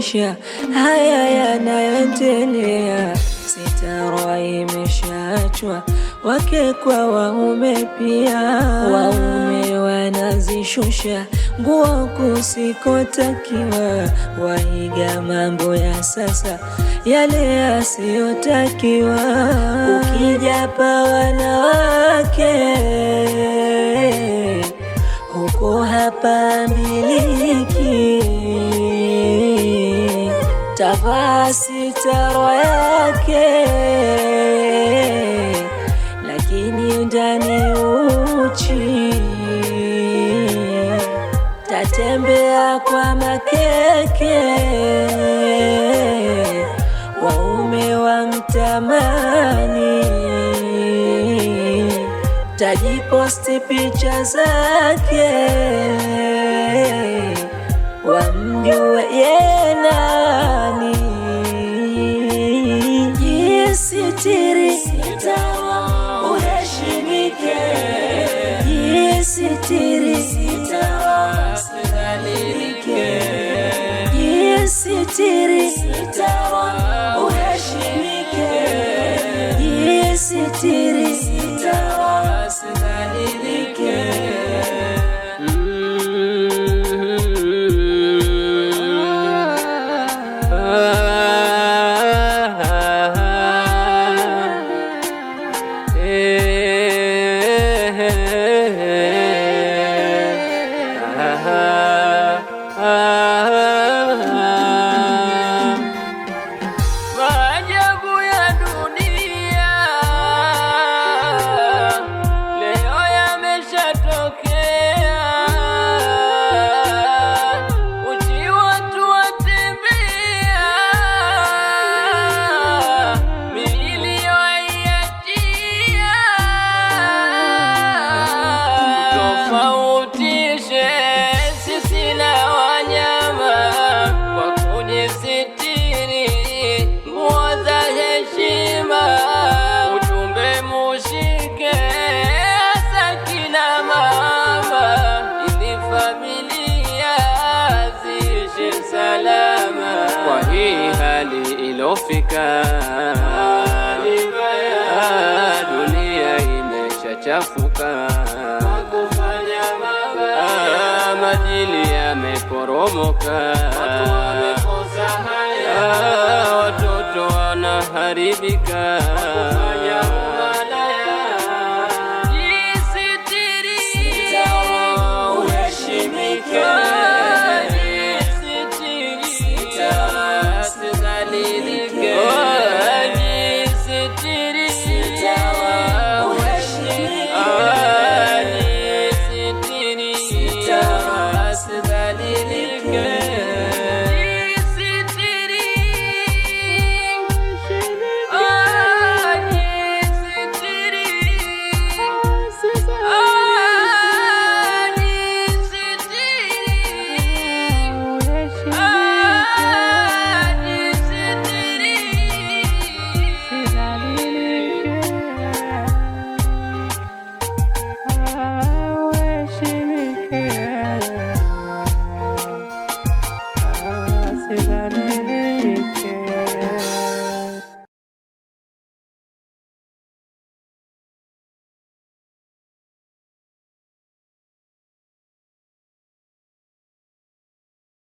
maisha haya yanayoendelea, sitara imeshaachwa wake kwa waume, pia waume wanazishusha nguo kusikotakiwa, waiga mambo ya sasa yale yasiyotakiwa. Ukijapa wanawake huko hapa mbiliki tavaa sitara yake, lakini ndani uchi. Tatembea kwa makeke, waume wa mtamani. Tajiposti picha zake wamjue yena la kufika, dunia imeshachafuka, majili yameporomoka, watoto wanaharibika.